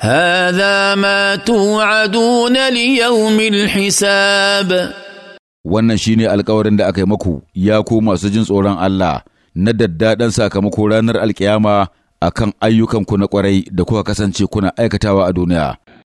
هذا ما توعدون ليوم الحساب wannan shine alkawarin da aka yi maku ya ku masu jin tsoron Allah na daddaɗan sakamako ranar alkiyama akan ayyukanku na ƙwarai da kuka kasance kuna aikatawa a duniya